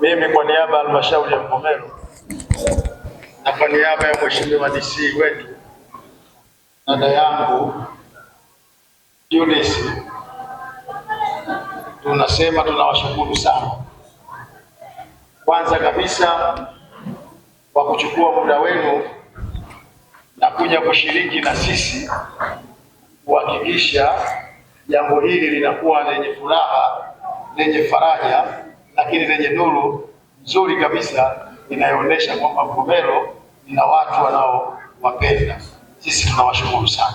Mimi kwa niaba ya halmashauri ya Mvomero na kwa niaba ya mheshimiwa DC wetu dada yangu Eunice, tunasema tunawashukuru sana, kwanza kabisa kwa kuchukua muda wenu na kuja kushiriki na sisi kuhakikisha jambo hili linakuwa lenye furaha lenye faraja lakini lenye nuru nzuri kabisa inayoonyesha kwamba Mvomero ina watu wanaowapenda. Sisi tunawashukuru sana.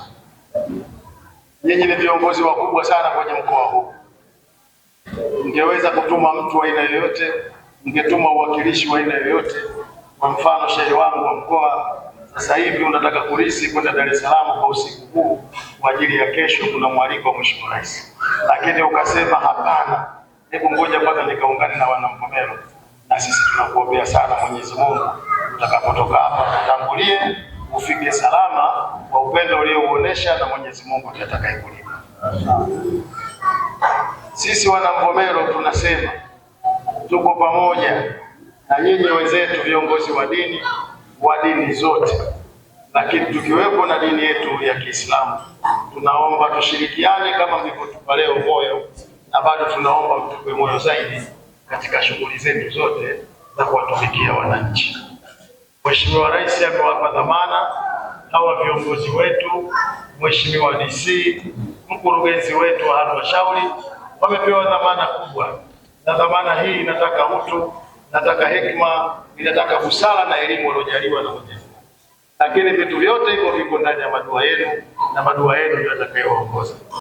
Nyinyi ni viongozi wakubwa sana kwenye mkoa huu. Mngeweza kutuma mtu wa aina yoyote, mngetuma uwakilishi wa aina yoyote. Kwa mfano, shehe wangu wa mkoa sasa hivi unataka kurisi kwenda Dar es Salaam kwa usiku huu kwa ajili ya kesho, kuna mwaliko wa Mheshimiwa Rais, lakini ukasema hapana hebu ngoja kwanza nikaungane na wanamvomero, na sisi tunakuombea sana Mwenyezi Mungu, utakapotoka hapa tutangulie ufike salama kwa upendo uliouonesha, na Mwenyezi Mungu atakayekulipa. Sisi wanamvomero tunasema tuko pamoja na nyinyi wenzetu viongozi wa dini wa dini zote, lakini tukiwepo na dini yetu ya Kiislamu, tunaomba tushirikiane kama mlivyotupa leo moyo na bado tunaomba mtupe moyo zaidi katika shughuli zetu zote za kuwatumikia wananchi. Mheshimiwa Rais amewapa dhamana hawa viongozi wetu, Mheshimiwa DC, mkurugenzi wetu wa halmashauri wamepewa dhamana kubwa, na dhamana hii inataka utu, inataka hekima, inataka busara na elimu waliojaliwa na Mwenyezi Mungu. Lakini vitu vyote hivyo viko ndani ya madua yenu na madua yenu ndio yatakayowaongoza.